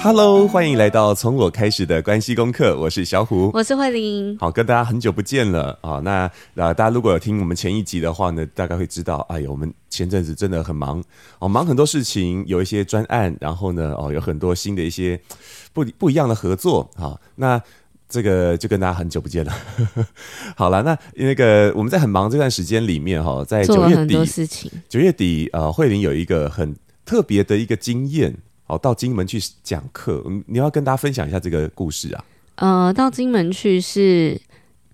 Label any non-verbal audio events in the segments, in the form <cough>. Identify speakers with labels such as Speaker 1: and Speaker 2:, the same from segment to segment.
Speaker 1: Hello，歡迎來到從我開始的關係功課。我是小虎，我
Speaker 2: 是慧
Speaker 3: 玲。
Speaker 1: 好，跟大家很久不見了啊、哦。那、呃、大家如果有聽我們前一集的話呢，大概會知道，哎呀，我們前陣子真的很忙哦，忙很多事情，有一些專案，然後呢，哦，有很多新的一些不不一樣的合作啊、哦。那這個就跟大家很久不見了。 <laughs> 好了，那那個我們在很忙這段時間裡面哈，在九月底，九月底、呃、慧玲有一個很特別的一個經驗。好，到金門去講課，嗯，你要，要跟大家分享一下這個故事啊？
Speaker 2: 呃，到金門去是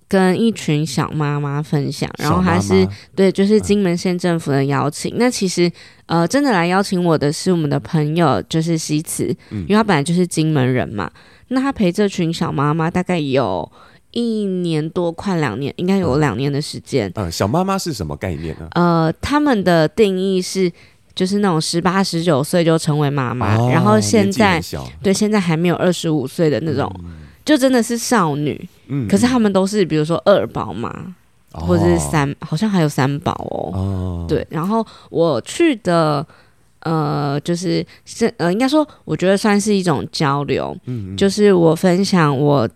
Speaker 2: 跟一群小媽媽分享小媽媽，然後還是對，就是金門縣政府的邀請、嗯。那其實，呃，真的來邀請我的是我們的朋友，就是西慈、嗯，因為他本來就是金門人嘛。那他陪這群小媽媽大概有一年多，快兩年，應該有兩年的時間、嗯。嗯，小媽媽是什麼概念呢、啊？呃，他們的定義是。就是那種十八十九歲就成為媽媽、哦，然後現在對，現在還沒有二十五歲的那種、嗯，就真的是少女、嗯。可是他們都是比如說二寶嘛，嗯、
Speaker 1: 或者是三、
Speaker 2: 哦，好像還有三寶哦，哦。對，然後我去的呃，就是是呃，應該說我覺得算是一種交流。嗯、就是我分享我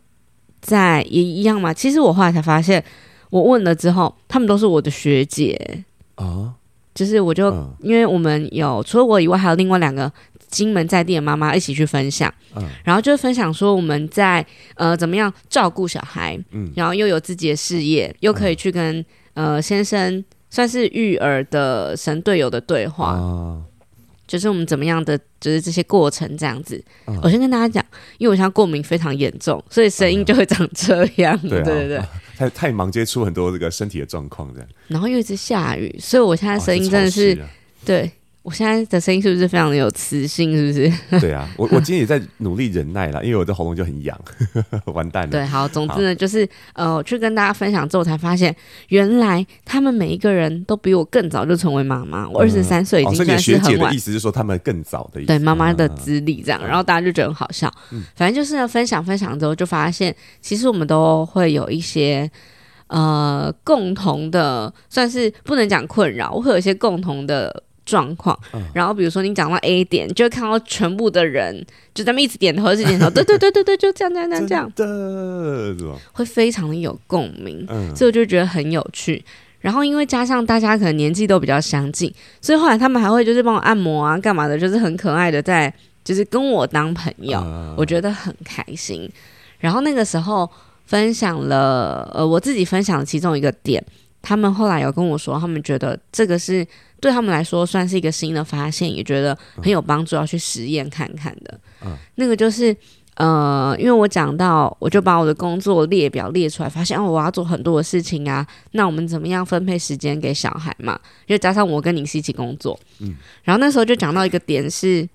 Speaker 2: 在也一樣嘛、嗯嗯。其實我後來才發現，我問了之後，他們都是我的學姐、哦就是我就、嗯、因為我們有除了我以外還有另外兩個金門在地的媽媽一起去分享、嗯，然後就分享說我們在呃怎麼樣照顧小孩、嗯，然後又有自己的事業，又可以去跟、嗯、呃先生算是育兒的神隊友的對話、嗯，就是我們怎麼樣的，就是這些過程這樣子。嗯、我先跟大家講，因為我現在過敏非常嚴重，所以聲音就會長這樣，嗯 <laughs> 對啊、對對對。
Speaker 1: 太太忙，接觸很多這個身體的狀況，這樣。
Speaker 2: 然後又一直下雨，所以我現在聲音真的是、哦、的對。我現在的聲音是不是非常的有磁性？是不是？
Speaker 1: 對啊，我我今天也在努力忍耐了， <laughs> 因為我的喉嚨就很癢，完蛋了。對，好，總之呢，就
Speaker 2: 是呃，我去跟大家分享之後，才發現原來他們每一個人都比我更早就成
Speaker 1: 為媽媽。我二十三歲，也算是很晚、嗯哦、所以學姐的意思就是說，他們更早的意思。對，
Speaker 2: 媽媽的資歷這樣，然後大家就覺得很好笑。嗯，反正就是要分享分享之後，就發現其實我們都會有一些呃共同的，算是不能講困擾，我會有一些共同的。狀況，然後比如說你講到 A 點，就會看到全部的人就這麼一直點頭，一直點頭，對對對對對，就這樣這樣這樣 <laughs> 這樣，
Speaker 1: 對，
Speaker 2: 會非常的有共鳴，嗯，所以我就覺得很有趣。然後因為加上大家可能年紀都比較相近，所以後來他們還會就是幫我按摩啊，幹嘛的，就是很可愛的在就是跟我當朋友，我覺得很開心。然後那個時候分享了呃，我自己分享其中一個點。他們後來有跟我說，他們覺得這個是對他們來說算是一個新的發現，也覺得很有幫助，要去實驗看看的、啊。那個就是呃，因為我講到，我就把我的工作列表列出來，發現哦、啊，我要做很多的事情啊。那我們怎麼樣分配時間給小孩嘛？就加上我跟你是一起工作，
Speaker 3: 嗯，
Speaker 2: 然後那時候就講到一個點是，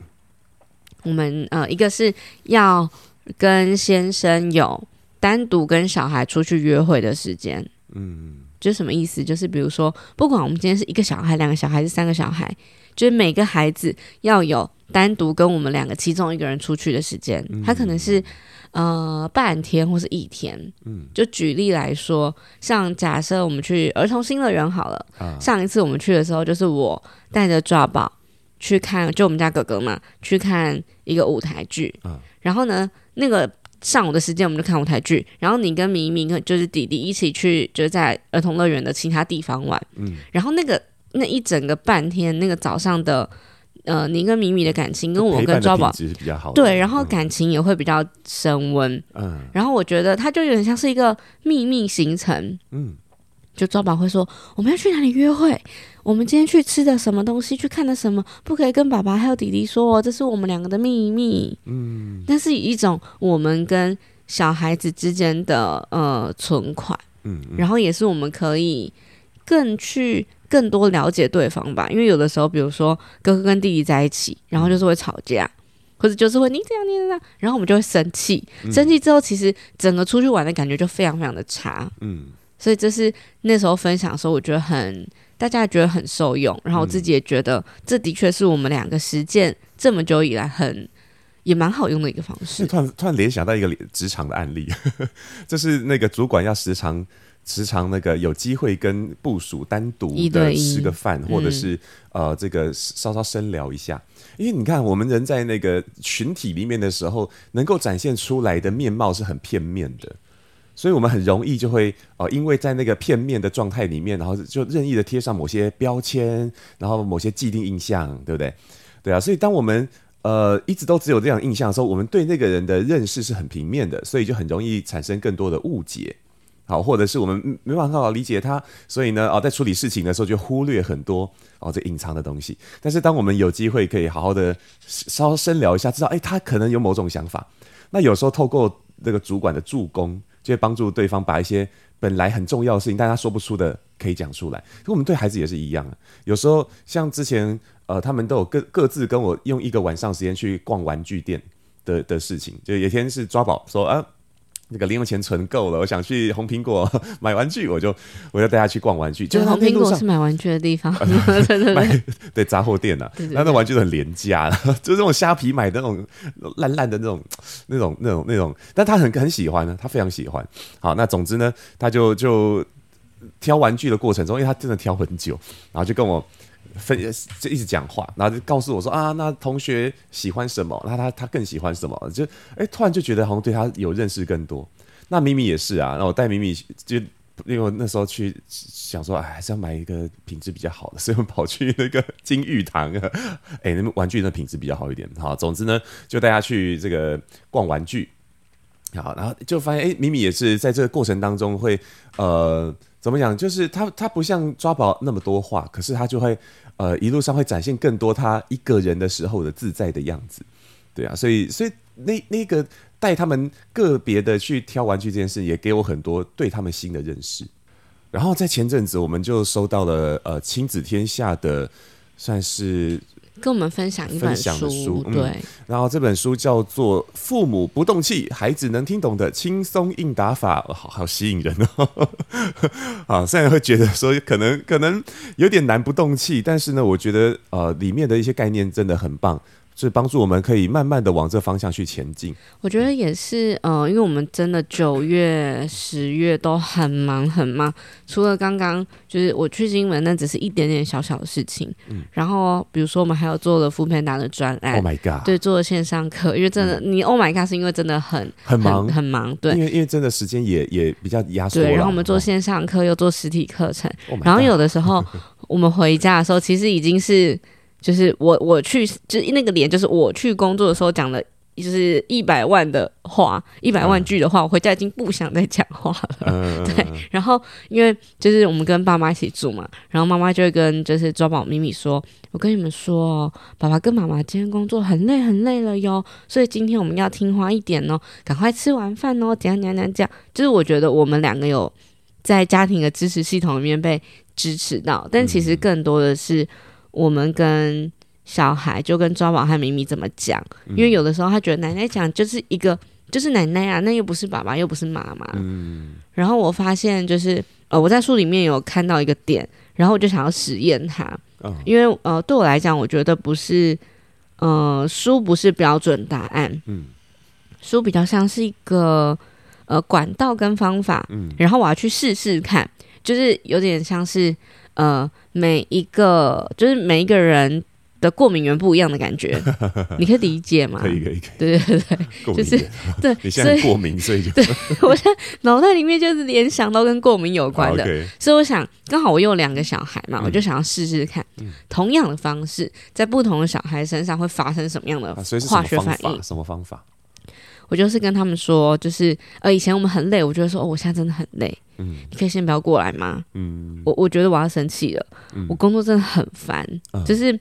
Speaker 2: 我們呃，一個是要跟先生有單獨跟小孩出去約會的時間，嗯。就是什麼意思？就是比如說，不管我們今天是一個小孩、兩個小孩還是三個小孩，就是每個孩子要有單獨跟我們兩個其中一個人出去的時間，嗯。他可能是呃半天或是一天。嗯，就舉例來說，像假設我們去兒童新樂園好了，啊。上一次我們去的時候，就是我帶着抓寶去看，就我們家哥哥嘛，去看一個舞台劇，啊。然後呢，那個。上午的時間我們就看舞台劇，然後你跟咪咪就是弟弟一起去，就是在兒童樂園的其他地方玩。嗯，然後那個那一整個半天，那個早上的呃，你跟咪咪的感情跟我跟抓寶對，然後感情也會比較升溫。嗯，然後我覺得他就有點像是一個秘密行程。嗯，就抓寶會說，我們要去哪裡約會。我們今天去吃的什麼東西，去看了什麼，不可以跟爸爸還有弟弟說哦，這是我們兩個的秘密。嗯，那是一種我們跟小孩子之間的呃存款嗯。嗯，然後也是我們可以更去更多了解對方吧，因為有的時候，比如說哥哥跟弟弟在一起，然後就是會吵架，或者就是會你這樣你這樣，然後我們就會生氣，生氣之後其實整個出去玩的感覺就非常非常的差。嗯，所以這是那時候分享的時候，我覺得很。大家覺得很受用，然後我自己也覺得、嗯，這的確是我們兩個實踐這麼久以來很也蠻好用的一個方式。
Speaker 1: 突然突然聯想到一個職場的案例，呵呵就是那個主管要時常時常那個有機會跟部屬單獨的吃個飯一對一，或者是、嗯、呃這個稍稍深聊一下，因為你看我們人在那個群體裡面的時候，能夠展現出來的面貌是很片面的。所以我們很容易就會哦、呃，因為在那個片面的狀態裡面，然後就任意的貼上某些標籤，然後某些既定印象，對不對？對啊，所以當我們呃一直都只有這樣印象的時候，我們對那個人的認識是很平面的，所以就很容易產生更多的誤解，好，或者是我們沒辦法好好理解他，所以呢，啊、呃，在處理事情的時候就忽略很多哦這隱藏的東西。但是當我們有機會可以好好的稍稍深聊一下，知道誒、欸，他可能有某種想法，那有時候透過那個主管的助攻。就幫助對方把一些本來很重要的事情，但他說不出的可以講出來。可我們對孩子也是一樣啊，有時候像之前，呃，他們都有各各自跟我用一個晚上時間去逛玩具店的的事情，就有一天是抓寶說啊。這個零用錢存夠了，我想去紅蘋果買玩具，我就我就帶他去逛玩具。就紅蘋果是
Speaker 2: 買玩具的地方，嗯、
Speaker 3: 對對，對，
Speaker 1: 對，對買，雜貨店吶、啊。那那玩具很廉價，就這種蝦皮買的那種爛爛的那種、那種、那種、那種、那種。但他很很喜歡呢，他非常喜歡。好，那總之呢，他就就挑玩具的過程中，因為他真的挑很久，然後就跟我。分就一直講話，然後就告訴我說啊，那同學喜歡什麼？那他他更喜歡什麼？就欸，突然就覺得好像對他有認識更多。那米米也是啊，那我帶米米就因為我那時候去想說，哎，還是要買一個品質比較好的，所以我跑去那個金玉堂，哎，那個玩具的品質比較好一點。好，總之呢，就帶他去這個逛玩具，好，然後就發現誒，米米也是在這個過程當中會呃。怎麼講？就是他，他不像抓寶那麼多話，可是他就會，呃，一路上會展現更多他一個人的時候的自在的樣子，對啊，所以，所以那那個帶他們個別的去挑玩具這件事，也給我很多對他們新的認識。然後在前陣子，我們就收到了呃《親子天下》的算是。
Speaker 2: 跟我們分享一本書，書。對、嗯，
Speaker 1: 然後這本書叫做《父母不動氣，孩子能聽懂的輕鬆應答法》哦，好好吸引人哦。 <laughs> 啊，雖然會覺得說可能可能有點難不動氣，但是呢，我覺得呃裡面的一些概念真的很棒。是幫助我們可以慢慢的往這方向去前進。
Speaker 2: 我覺得也是，呃，因為我們真的九月、十月都很忙很忙。除了剛剛就是我去金門那只是一點點小小的事情，嗯、然後比如說我們還要做了副片達的專案、oh、對，做了線上課，因為真的你 Oh my God！是因為真的很很忙很，很忙，對，因
Speaker 1: 為因為真的時間也也比較壓縮。對，然後我們
Speaker 2: 做線上課、嗯、又做實體課程，然後有的時候、oh、我們回家的時候其實已經是。就是我我去，就是那個臉，就是我去工作的時候講了，就是一百萬的話，一、嗯、百萬句的話，我回家已經不想再講話了。嗯、 <laughs> 對，然後因為就是我們跟爸媽一起住嘛，然後媽媽就會跟就是抓寶咪咪說：“我跟你們說哦，爸爸跟媽媽今天工作很累很累了喲，所以今天我們要聽話一點哦，趕快吃完飯哦，怎樣怎樣這樣。”就是我覺得我們兩個有在家庭的支持系統裡面被支持到，但其實更多的是。嗯我們跟小孩就跟抓寶和咪咪怎麼講？因為有的時候他覺得奶奶講就是一個、嗯、就是奶奶啊，那又不是爸爸又不是媽媽、嗯。然後我發現就是呃我在書裡面有看到一個點，然後我就想要實驗它、哦。因為呃對我來講我覺得不是呃書不是標準答案。嗯、書比較像是一個呃管道跟方法。嗯、然後我要去試試看，就是有點像是。呃，每一個就是每一個人的過敏原不一樣的感覺， <laughs> 你可以理解嗎？可以可以可以。可以 <laughs> 對對
Speaker 3: 對就是
Speaker 2: 對。你現在過敏，所以就 <laughs> 對我現在腦袋裡面就是聯想到跟過敏有關的，啊 okay、所以我想剛好我有兩個小孩嘛，我就想要試試看，嗯、同樣的方式在不同的小孩身上會發生什麼樣的化學反應？
Speaker 1: 啊、什麼方法？
Speaker 2: 我就是跟他們說，就是呃，以前我們很累，我覺得說，哦，我現在真的很累，嗯，你可以先不要過來嗎？嗯，我我覺得我要生氣了。嗯，我工作真的很煩。嗯，就是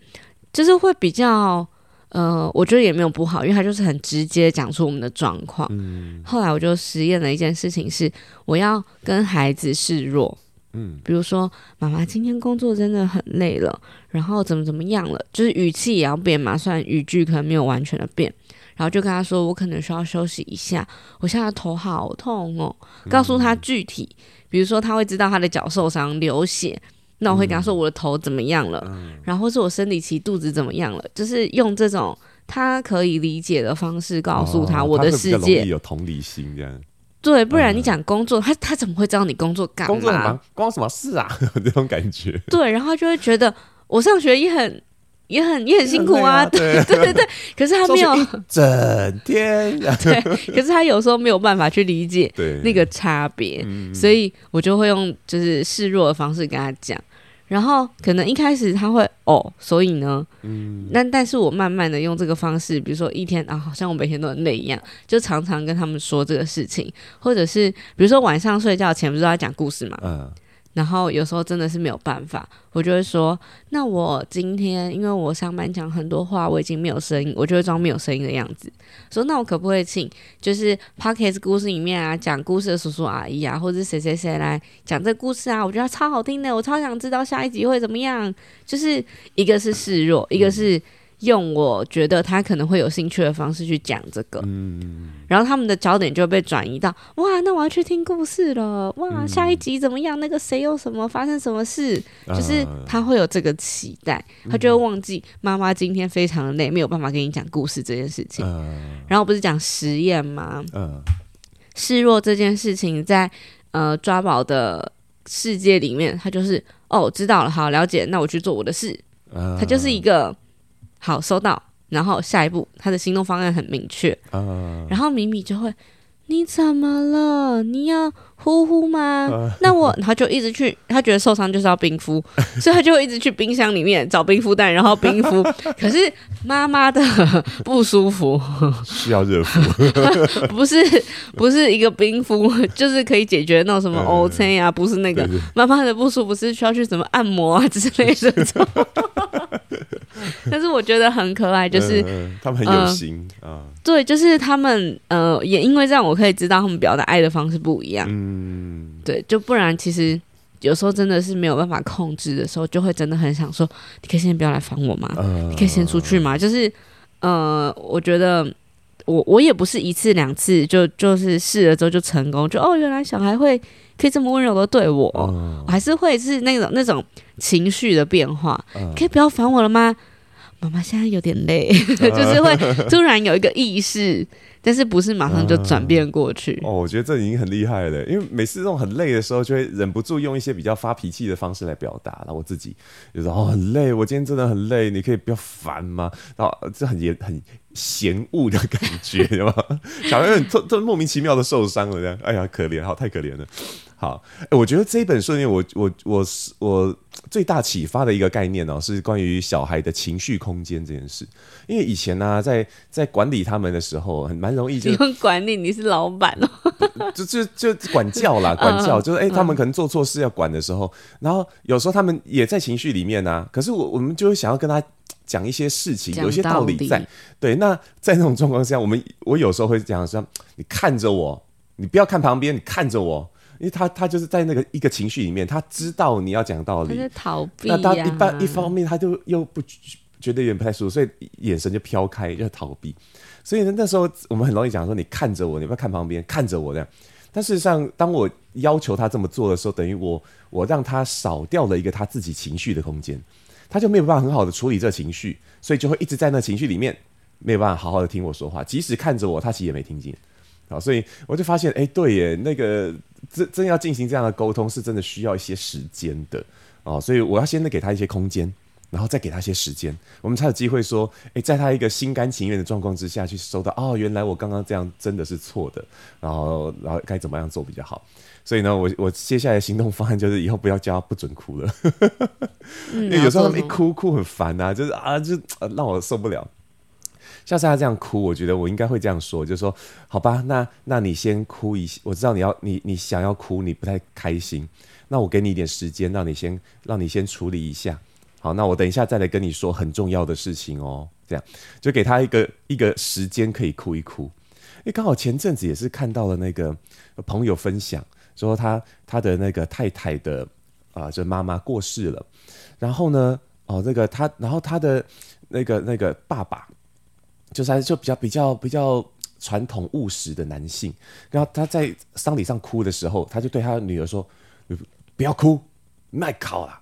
Speaker 2: 就是會比較呃，我覺得也沒有不好，因為他就是很直接講出我們的狀況。嗯，後來我就實驗了一件事情是，我要跟孩子示弱，
Speaker 3: 嗯，
Speaker 2: 比如說媽媽今天工作真的很累了，然後怎麼怎麼樣了，就是語氣也要變嘛，雖然語句可能沒有完全的變。然後就跟他說，我可能需要休息一下，我現在頭好痛哦，喔。告訴他具體，嗯，比如說他會知道他的腳受傷流血，那我會跟他說我的頭怎麼樣了，嗯，然後或是我生理期肚子怎麼樣了，就是用這種他可以理解的方式告訴他我的世界。哦，比較容易
Speaker 1: 有同理心這樣。
Speaker 2: 對，不然你講工作，他他怎麼會知道你工作幹嘛？關我什麼事
Speaker 1: 啊？這種感覺。
Speaker 2: 對，然後他就會覺得我上學也很，也很也很辛苦啊，對、啊、對對對，可是他沒有
Speaker 1: 整天， <laughs> 對，可是
Speaker 2: 他有時候沒有辦法去理解那個差別，所以我就會用就是示弱的方式跟他講、嗯，然後可能一開始他會哦，所以呢，嗯，那但，但是我慢慢的用這個方式，比如說一天啊，好像我每天都很累一樣，就常常跟他們說這個事情，或者是比如說晚上睡覺前不是要講故事嘛，嗯。然後有時候真的是沒有辦法，我就會說：“那我今天因為我上班講很多話，我已經沒有聲音，我就會裝沒有聲音的樣子，說那我可不可以請就是 podcast 故事裡面啊，講故事的叔叔阿姨啊，或者誰誰誰來講這個故事啊？我覺得超好聽的，我超想知道下一集會怎麼樣。”就是一個是示弱，一個是。用我覺得他可能會有興趣的方式去講這個，嗯，然後他們的焦點就被轉移到哇，那我要去聽故事了，哇、嗯，下一集怎麼樣？那個誰有什麼發生什麼事、嗯？就是他會有這個期待、嗯，他就會忘記媽媽今天非常的累、嗯，沒有辦法給你講故事這件事情、嗯。然後不是講實驗嗎？嗯、示弱這件事情在呃抓寶的世界裡面，他就是哦，知道了，好，了解，那我去做我的事，
Speaker 3: 嗯、他就是
Speaker 2: 一個。好，收到。然後下一步，他的行動方案很明確。啊。然後米米就會，你怎麼了？你要。呼呼嗎？那我，他就一直去。他覺得受傷就是要冰敷，所以他就會一直去冰箱裡面找冰敷袋，然後冰敷。可是媽媽的不舒服
Speaker 1: <laughs> 需要熱敷，不
Speaker 2: 是不是一個冰敷就是可以解決那種什麼凹陷啊、嗯，不是那個媽媽的不舒服是需要去什麼按摩啊之類的、嗯。但是我覺得很可愛，就是他們很有心啊、呃。對，就是他們呃，也因為這樣，我可以知道他們表達愛的方式不一樣。嗯嗯，對，就不然，其實有時候真的是沒有辦法控制的時候，就會真的很想說，你可以先不要來煩我嗎、呃？你可以先出去嗎？就是，呃，我覺得我我也不是一次兩次就就是試了之後就成功，就哦，原來小孩會可以這麼溫柔的對我、呃，我還是會是那種那種情緒的變化，呃、可以不要煩我了嗎？媽媽現在有點累，呃、 <laughs> 就是會突然有一個意識。但是不是馬上就轉
Speaker 1: 變過去、呃？哦，我覺得這已經很厲害了，因為每次這種很累的時候，就會忍不住用一些比較發脾氣的方式來表達，然後我自己就說：“哦，很累，我今天真的很累，你可以不要煩嗎？”然後這很也很嫌惡的感覺，對吧？小朋友很特特莫名其妙的受傷了，這樣。哎呀，可憐，好太可憐了。好，哎、欸，我覺得這一本書裡面我我我是我最大啟發的一個概念呢、哦，是關於小孩的情緒空間這件事。因為以前呢、啊，在在管理他們的時候，很蠻容易就
Speaker 2: 用管理，你是老板哦，
Speaker 1: <laughs> 就就就管教啦，管教、uh, 就是哎，欸 uh. 他們可能做錯事要管的時候，然後有時候他們也在情緒裡面啊，可是我我們就會想要跟他講一些事情，有一些道理在。對，那在那種狀況下，我們我有時候會講說，你看着我，你不要看旁邊，你看着我。因為他他就是在那個一個情緒裡面，他知道你要講道理，
Speaker 2: 逃避、啊。那他一般一方
Speaker 1: 面他就又不覺得有點不太舒服，所以眼神就飄開，要逃避。所以呢，那時候我們很容易講說，你看着我，你要不要看旁邊，看着我這樣。但事實上，當我要求他這麼做的時候，等於我我讓他少掉了一個他自己情緒的空間，他就沒有辦法很好的處理這情緒，所以就會一直在那情緒裡面，沒有辦法好好的聽我說話。即使看着我，他其實也沒聽見。好，所以我就發現，哎、欸，對耶，那個。真真要進行這樣的溝通，是真的需要一些時間的哦，所以我要先得給他一些空間，然後再給他一些時間，我們才有機會說，誒、欸，在他一個心甘情願的狀況之下去收到，哦，原來我剛剛這樣真的是錯的，然後然後該怎麼樣做比較好？所以呢，我我接下來的行動方案就是以後不要叫他不准哭了，
Speaker 3: <laughs> 因為有時候他們一哭
Speaker 1: 哭很煩吶、啊，就是啊，就讓我受不了。像是他這樣哭，我覺得我應該會這樣說，就說：“好吧，那那你先哭一，我知道你要你你想要哭，你不太開心，那我給你一點時間，讓你先讓你先處理一下。好，那我等一下再來跟你說很重要的事情哦。這樣就給他一個一個時間可以哭一哭。哎，剛好前陣子也是看到了那個朋友分享，說他他的那個太太的啊、呃，就媽媽過世了，然後呢，哦，那、這個他，然後他的那個那個爸爸。就是就比較比較比較傳統務實的男性，然後他在喪禮上哭的時候，他就對他女兒說：“不要哭，賣太考啦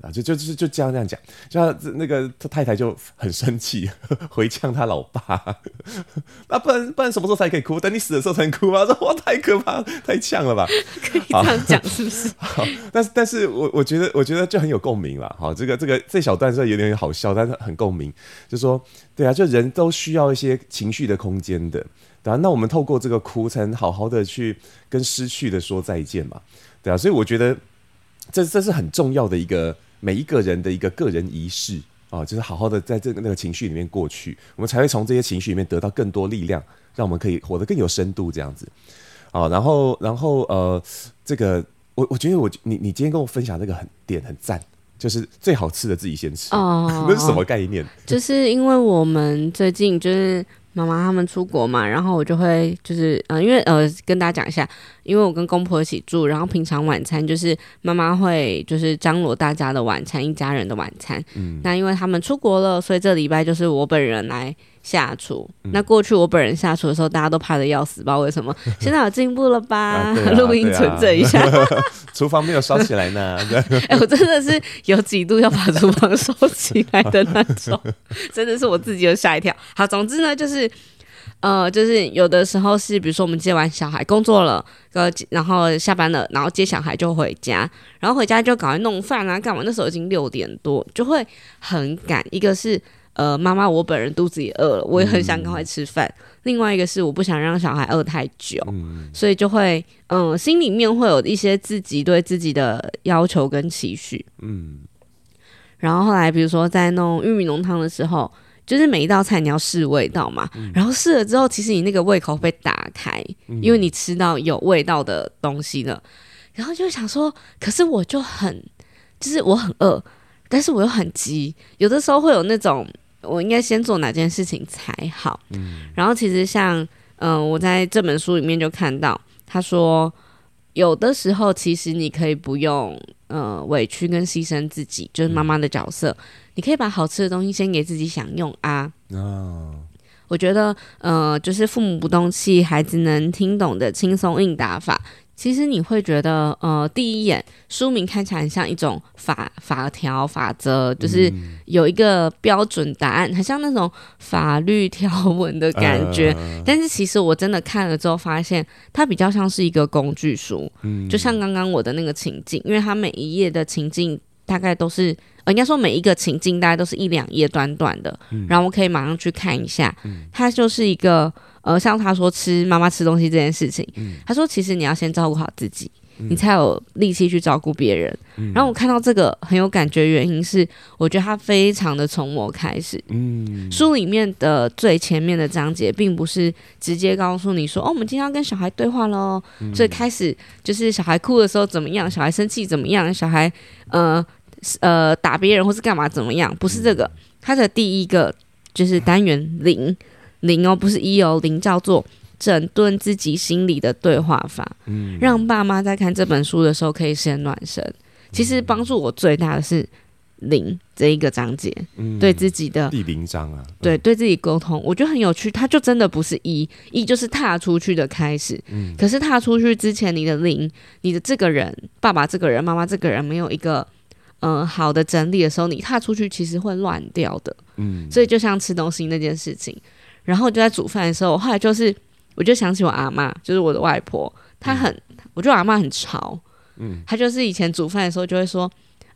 Speaker 1: 啊，就就就就這樣那樣講，就這樣，那個他太太就很生氣，回嗆他老爸。呵呵那不然，不然什麼時候才可以哭？等你死的時候才能哭啊！說，哇，太可怕，太嗆了吧？可以這樣講是不是？好，但但是，我我覺得我覺得就很有共鳴了。好，這個這個這小段是有點好笑，但是很共鳴。就說，對啊，就人都需要一些情緒的空間的，對啊。那我們透過這個哭才能好好的去跟失去的說再見嘛，對啊。所以我覺得。這這是很重要的一個每一個人的一個個人儀式啊，就是好好的在這個那個情緒裡面過去，我們才會從這些情緒裡面得到更多力量，讓我們可以活得更有深度這樣子啊。然後，然後呃，這個我我覺得我你你今天跟我分享這個很點很讚，就是最好吃的自己先吃哦
Speaker 2: <laughs> 那是什麼概念？就是因為我們最近就是。媽媽他們出國嘛，然後我就會就是，嗯、呃，因為呃，跟大家講一下，因為我跟公婆一起住，然後平常晚餐就是媽媽會就是張羅大家的晚餐，一家人的晚餐。嗯，那因為他們出國了，所以這禮拜就是我本人來。下廚，那過去我本人下廚的時候，大家都怕的要死，不知道為什麼。現在有進步了吧？錄、啊、音、啊啊、存證一下，
Speaker 1: 廚 <laughs> 房沒有燒起來呢。哎、 <laughs> 欸，我
Speaker 2: 真的是有幾度要把廚房收起來的那種， <laughs> 真的是我自己都嚇一跳。好，總之呢，就是呃，就是有的時候是，比如說我們接完小孩工作了，呃，然後下班了，然後接小孩就回家，然後回家就趕快弄飯啊，幹嘛？那時候已經六點多，就會很趕。一個是。呃，媽媽，我本人肚子也餓了，我也很想趕快吃飯。嗯，另外一個是，我不想讓小孩餓太久，嗯，所以就會，嗯，心裡面會有一些自己對自己的要求跟期許。
Speaker 3: 嗯。
Speaker 2: 然後後來，比如說在弄玉米濃湯的時候，就是每一道菜你要試味道嘛，嗯，然後試了之後，其實你那個胃口被打開，嗯，因為你吃到有味道的東西了，然後就想說，可是我就很，就是我很餓。但是我又很急，有的時候會有那種我應該先做哪件事情才好。嗯、然後其實像嗯、呃，我在這本書裡面就看到，他說有的時候其實你可以不用呃委屈跟犧牲自己，就是媽媽的角色、嗯，你可以把好吃的東西先給自己享用啊。啊、哦，我覺得呃，就是父母不動氣，孩子能聽懂的輕鬆應答法。其實你會覺得，呃，第一眼書名看起來很像一種法法條、法則，就是有一個標準答案，很像那種法律條文的感覺、嗯呃，但是其實我真的看了之後，發現它比較像是一個工具書，
Speaker 3: 嗯、就
Speaker 2: 像剛剛我的那個情境，因為它每一頁的情境大概都是。應該說每一個情境，大家都是一兩頁短短的，嗯，然後我可以馬上去看一下。他，嗯、就是一個呃，像他說吃媽媽吃東西這件事情，他，嗯、說其實你要先照顧好自己，嗯、你才有力氣去照顧別人，嗯。然後我看到這個很有感覺，原因是我覺得他非常的從我開始。
Speaker 3: 嗯，
Speaker 2: 書裡面的最前面的章節，並不是直接告訴你說，哦，我們今天要跟小孩對話嘍，嗯。所以開始就是小孩哭的時候怎麼樣，小孩生氣怎麼樣，小孩呃。呃，打別人，或是幹嘛怎麼樣？不是這個，它的第一個就是單元零、嗯、零哦，不是一哦，零叫做整頓自己心裡的對話法，嗯、讓爸媽在看這本書的時候可以先暖身。嗯、其實幫助我最大的是零這一個章節、嗯，對自己的第零章啊，對，對自己溝通、嗯，我覺得很有趣。他就真的不是一，一就是踏出去的開始。嗯，可是踏出去之前，你的零，你的這個人，爸爸這個人，媽媽這個人，沒有一個。嗯、呃，好的整理的時候，你踏出去其實會亂掉的。嗯，所以就像吃東西那件事情，然後就在煮飯的時候，我後來就是我就想起我阿媽，就是我的外婆，她很，嗯、我覺得我阿媽很潮。嗯，她就是以前煮飯的時候就會說：“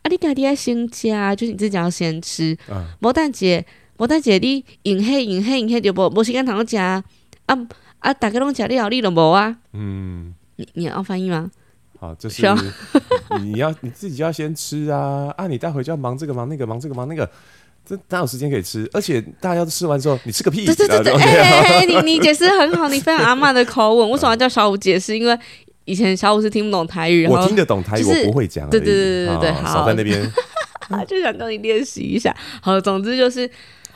Speaker 2: 啊，你弟，阿弟，先夾，就是你自己要先吃。你先吃”嗯、啊。牡丹姐，牡丹姐，你飲黑飲黑飲黑，就無無時間同我夾啊啊！大家攏夾你好利了無啊？嗯，你你要翻譯嗎？
Speaker 1: 好，就是你要你自己就要先吃啊啊！你待會就要忙這個忙那個忙這個忙那個，這哪有時間可以吃？而且大家都吃完之後，你吃個屁！對對對對，哎哎哎，你你解釋很
Speaker 2: 好， <laughs> 你非常阿嬤的口吻。為什麼叫小虎解釋？因為以前小虎是聽不懂台語，然後，我聽得懂台語，就是、我不會講。對對對對對，好，對對對對對，好，少在那邊， <laughs> 就想跟你練習一下。好，總之就是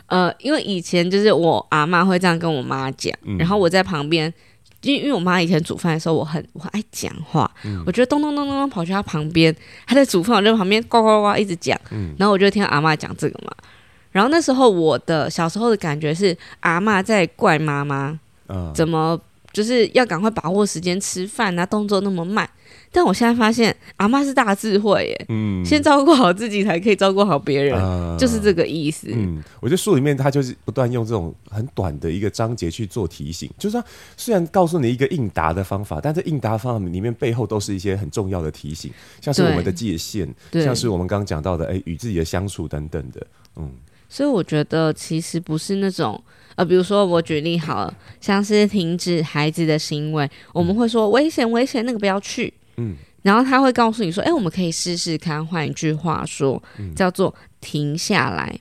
Speaker 2: 呃，因為以前就是我阿嬤會這樣跟我媽講、嗯，然後我在旁邊。因為因為我媽以前煮飯的時候，我很我很愛講話，嗯，我覺得咚咚咚咚咚跑去她旁邊，她在煮飯，我就旁邊呱呱呱一直講，嗯，然後我就聽到阿嬤講這個嘛，然後那時候我的小時候的感覺是阿嬤在怪媽媽，嗯，怎麼。就是要趕快把握時間吃飯啊，拿動作那麼慢。但我現在發現，阿媽是大智慧耶，嗯，先照顧好自己才可以照顧好別人、呃，
Speaker 1: 就是這個意思。嗯，我覺得書裡面它就是不斷用這種很短的一個章節去做提醒，就是說雖然告訴你一個應答的方法，但是應答方法裡面背後都是一些很重要的提醒，像是我們的界限，對，像是我們剛剛講到的，哎、欸，與自己的相處等等的。嗯，
Speaker 2: 所以我覺得其實不是那種。啊，比如說我舉例好了，像是停止孩子的行為，嗯、我們會說危險，危險，那個不要去。嗯，然後他會告訴你說，哎、欸，我們可以試試看。換一句話說，叫做停下來。嗯、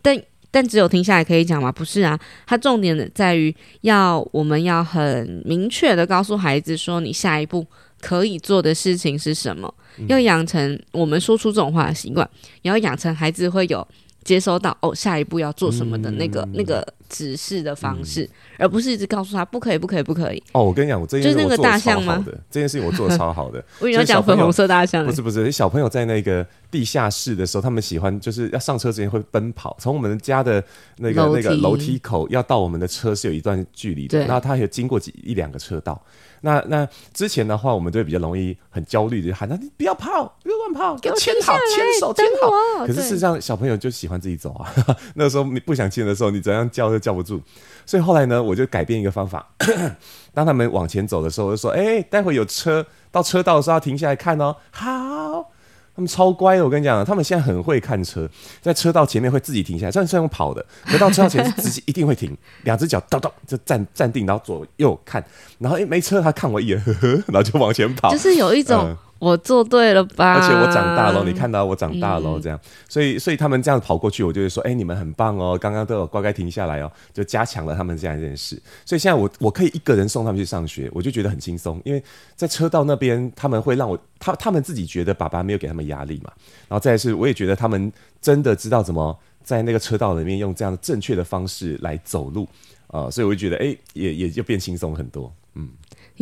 Speaker 2: 但但只有停下來可以講嗎？不是啊，它重點的在於要我們要很明確的告訴孩子說，你下一步可以做的事情是什麼。嗯、要養成我們說出這種話的習慣，也要養成孩子會有。接收到哦，下一步要做什麼的那個、嗯、那個指示的方式，嗯、而不是一直告訴他不可以，不可以，不可以。哦，我跟你講，我這件事我做的超好的就是那個大象嗎？的這件事情我做
Speaker 1: 的超好的。 <laughs> 以我以為要講粉紅色大象，不是不是，小朋友在那個地下室的時候，他們喜歡就是要上車之前會奔跑，從我們家的那個那個樓梯口要到我們的車是有一段距離的，對，然後他有經過幾一兩個車道。那那之前的話，我們就會比較容易很焦慮，就喊他不要跑，不要亂跑，給我牽好，牽手牽好。可是事實上，小朋友就喜歡自己走啊。 <laughs> 那個時候你不想牽的時候，你怎樣叫都叫不住。所以後來呢，我就改變一個方法，咳咳當他們往前走的時候，我就說：“哎、欸，待會有車，到車道的時候要停下來看哦。”好。他們超乖的，我跟你講，他們現在很會看車，在車道前面會自己停下來，算是用跑的，回到車道前自己一定會停，兩隻腳咚咚就站站定，然後左右看，然後誒沒車，他看我一眼呵呵，然後就往前跑，就是有一種、呃。
Speaker 2: 我做對了吧？而且我長大了，你看到我長大了、嗯，這
Speaker 1: 樣，所以，所以他們這樣跑過去，我就會說，哎、欸，你們很棒哦，剛剛都有乖乖停下來哦，就加強了他們這樣的認識。所以現在我我可以一個人送他們去上學，我就覺得很輕鬆，因為在車道那邊他們會讓我他們他們自己覺得爸爸沒有給他們壓力嘛，然後再是我也覺得他們真的知道怎麼在那個車道裡面用這樣正確的方式來走路啊、呃，所以我就覺得哎、欸，也也就變輕鬆很多，嗯。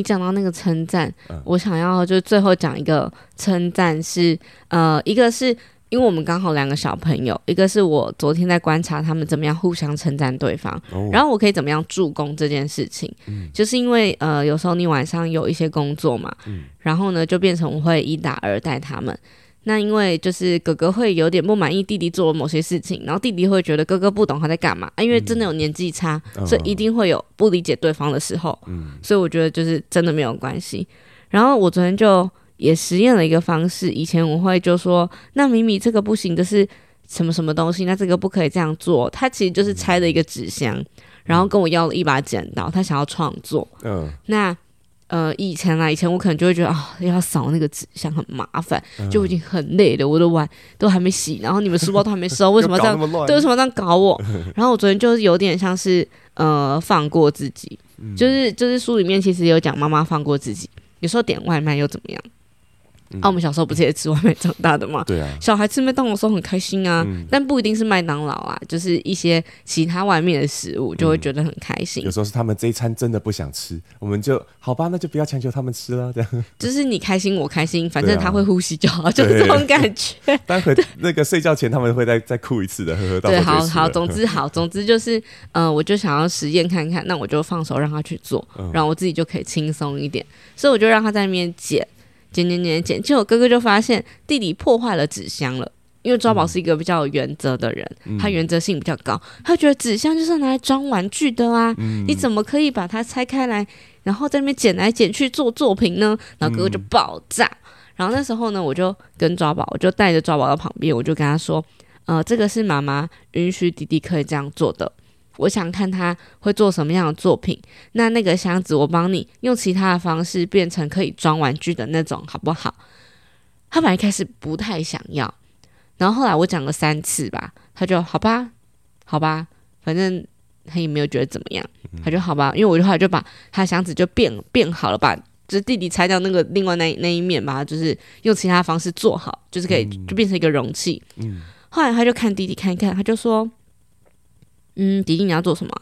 Speaker 2: 你講到那個稱讚、嗯，我想要就最後講一個稱讚是，呃，一個是因為我們剛好兩個小朋友，一個是我昨天在觀察他們怎麼樣互相稱讚對方、哦，然後我可以怎麼樣助攻這件事情，嗯、就是因為呃有時候你晚上有一些工作嘛，嗯、然後呢就變成我會一打二帶他們。那因為就是哥哥會有點不滿意弟弟做了某些事情，然後弟弟會覺得哥哥不懂他在幹嘛，啊、因為真的有年紀差、嗯哦，所以一定會有不理解對方的時候。嗯、所以我覺得就是真的沒有關係。然後我昨天就也實驗了一個方式，以前我會就說：“那明明這個不行，就是什麼什麼東西？那這個不可以這樣做。”他其實就是拆了一個紙箱、嗯，然後跟我要了一把剪刀，他想要創作。嗯，那。呃，以前啊，以前我可能就會覺得啊，要掃那個紙箱很麻煩，就已經很累了，我的碗都還沒洗，然後你們書包都還沒收，為什麼這樣 <laughs> 又搞那麼亂？都為什麼這樣搞我？然後我昨天就是有點像是呃，放過自己，嗯、就是就是書裡面其實有講媽媽放過自己，有時候點外賣又怎麼樣？啊、哦，我們小時候不是也吃外面長大的嘛？對啊，小孩吃麥當勞的時候很開心啊，嗯、但不一定是麥當勞啊，就是一些其他外面的食物就會覺得很開心。嗯、
Speaker 1: 有時候是他們這一餐真的不想吃，我們就好吧，那就不要強求他們吃了。這樣就是你開
Speaker 2: 心我開心，反正他會呼吸就好，啊、就是、這種感覺。 <laughs>
Speaker 1: 待會那個睡覺前他們會再再哭一次的，呵呵。對，好好，總之好，
Speaker 2: 總之就是，嗯、呃，我就想要實驗看看，那我就放手讓他去做，嗯、然後我自己就可以輕鬆一點，所以我就讓他在那邊剪。剪剪剪剪，結果哥哥就發現弟弟破壞了紙箱了，因為抓寶是一個比較有原則的人，嗯、他原則性比較高，他覺得紙箱就是拿來裝玩具的啊、嗯，你怎麼可以把它拆開來，然後在那邊剪來剪去做作品呢？然後哥哥就爆炸。嗯、然後那時候呢，我就跟抓寶，我就帶着抓寶到旁邊，我就跟他說，呃，這個是媽媽允許弟弟可以這樣做的。我想看他會做什麼樣的作品。那那個箱子，我幫你用其他的方式變成可以裝玩具的那種，好不好？他本來一開始不太想要，然後後來我講了三次吧，他就好吧，好吧，反正他也沒有覺得怎麼樣，嗯、他就好吧。因為我就後來就把他箱子就變變好了吧，就是弟弟拆掉那個另外那那一面吧，就是用其他方式做好，就是可以就變成一個容器。嗯嗯、後來他就看弟弟看一看，他就說。嗯，弟弟你要做什麼？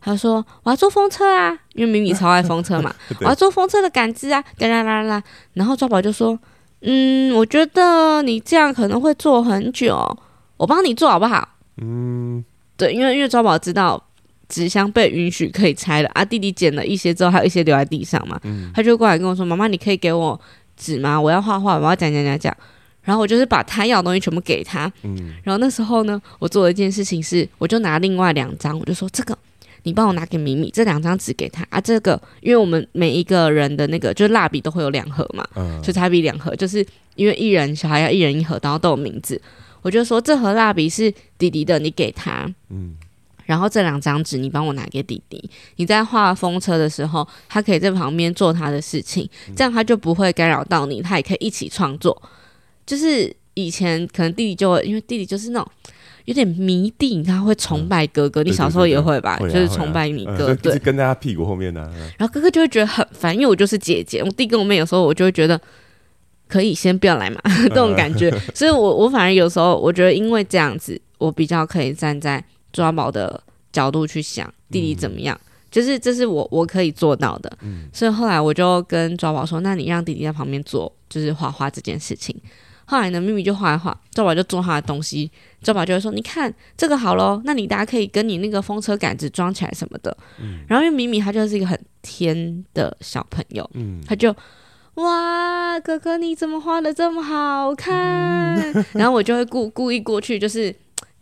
Speaker 2: 他說我要做風車啊，因為米米超愛風車嘛， <laughs> 我要做風車的杆子啊，啦啦啦啦。然後抓寶就說，嗯，我覺得你這樣可能會做很久，我幫你做好不好？嗯，對，因為因為抓寶知道紙箱被允許可以拆了啊，弟弟撿了一些之後，還有一些留在地上嘛，嗯、他就過來跟我說，媽媽，你可以給我紙嗎？我要畫畫，我要講講講講。然後我就是把他要的東西全部給他。嗯。然後那時候呢，我做了一件事情是，我就拿另外兩張，我就說：“這個你幫我拿給米米，這兩張紙給他啊。”這個，因為我們每一個人的那個就是蠟筆都會有兩盒嘛，就彩筆兩盒，就是因為一人小孩要一人一盒，然後都有名字。我就說：“這盒蠟筆是弟弟的，你給他。”嗯。然後這兩張紙你幫我拿給弟弟。你在畫風車的時候，他可以在旁邊做他的事情，這樣他就不會干擾到你，他也可以一起創作。就是以前可能弟弟就會，因為弟弟就是那種有點迷弟，他會崇拜哥哥。嗯對對對對。你小時候也會吧？對對對就是崇拜你哥，對，哥嗯、對，
Speaker 1: 跟在他屁股後面呢、啊嗯。
Speaker 2: 然後哥哥就會覺得很煩，因為我就是姐姐。我弟跟我妹有時候我就會覺得可以先不要來嘛，這 <laughs> 種感覺。嗯、所以我，我我反而有時候我覺得，因為這樣子，我比較可以站在抓寶的角度去想弟弟怎麼樣，嗯、就是這是我我可以做到的、嗯。所以後來我就跟抓寶說：“那你讓弟弟在旁邊做，就是畫畫這件事情。”後來呢，咪咪就畫一畫，周寶就做他的東西，周寶就會說：“你看這個好咯，那你大家可以跟你那個風車桿子裝起來什麼的。嗯”然後因為咪咪他就是一個很甜的小朋友，嗯，他就哇，哥哥你怎麼畫的這麼好看？嗯、 <laughs> 然後我就會故故意過去，就是。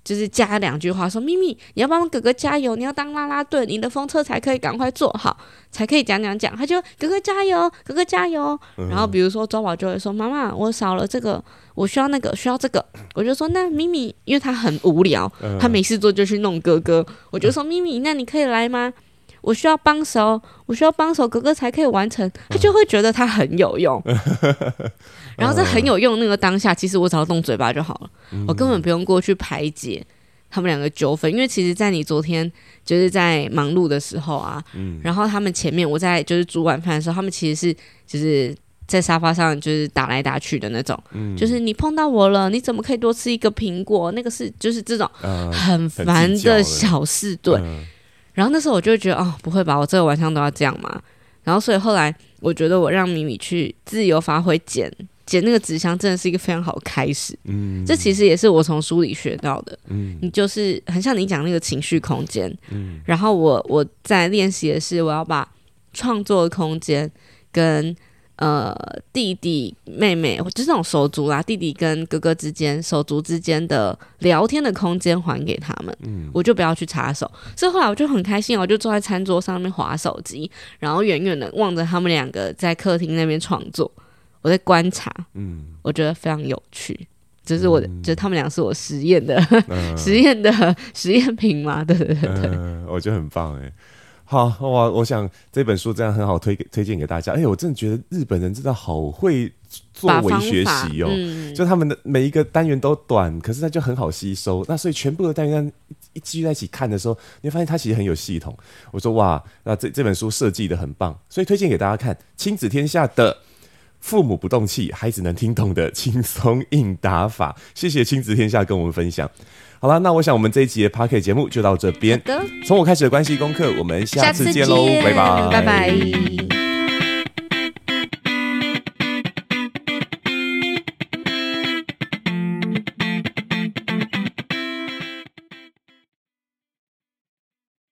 Speaker 2: 就是加兩句話，說：“咪咪，你要幫哥哥加油，你要當啦啦隊，你的風車才可以趕快做好，才可以講講講。”他就：“哥哥加油，哥哥加油。嗯”然後比如說周寶就會說：“媽媽，我少了這個，我需要那個，需要這個。”我就說：“那咪咪，因為他很無聊、嗯，他沒事做就去弄哥哥。”我就說：“咪、嗯、咪，那你可以來嗎？我需要幫手，我需要幫手，哥哥才可以完成。”他就會覺得他很有用。嗯 <laughs> 然後這很有用那個當下，哦、其實我只要動嘴巴就好了、嗯，我根本不用過去排解他們兩個糾紛。因為其實，在你昨天就是在忙碌的時候啊，嗯，然後他們前面我在就是煮晚飯的時候，他們其實是就是在沙發上就是打來打去的那種，嗯、就是你碰到我了，你怎麼可以多吃一個蘋果？那個是就是這種
Speaker 3: 很煩的小事，呃、對、嗯。
Speaker 2: 然後那時候我就會覺得哦，不會吧，我這個晚上都要這樣嗎？然後所以後來我覺得我讓米米去自由發揮剪。撿那個紙箱真的是一個非常好開始，嗯，
Speaker 3: 這其實
Speaker 2: 也是我從書裡學到的，嗯，你就是很像你講的那個情緒空間，嗯，然後我我在練習的是我要把創作的空間跟呃弟弟妹妹，就是那種手足啦，弟弟跟哥哥之間手足之間的聊天的空間還給他們，嗯，我就不要去插手，所以後來我就很開心，我就坐在餐桌上面滑手機，然後遠遠的望着他們兩個在客廳那邊創作。我在觀察，嗯，我覺得非常有趣，就是我，嗯，就他們倆是我實驗的、嗯，的實驗的實驗品嘛，對對對，
Speaker 1: 嗯，我覺得很棒誒，好，我、啊，我想這本書這樣很好推，推薦推薦給大家。哎，欸，我真的覺得日本人真的好會做微學習哦、喔，嗯，就他們的每一個單元都短，可是他就很好吸收。那所以全部的單元一聚在一起看的時候，你會發現它其實很有系統。我說哇，那這這本書設計的很棒，所以推薦給大家看《親子天下》的。父母不動氣，孩子能聽懂的輕鬆應答法。謝謝親子天下跟我們分享。好啦。那我想我們這一集的 p a r k e 節目就到這邊。好，從我開始的關係功課，我們下次見嘍，拜拜，拜拜。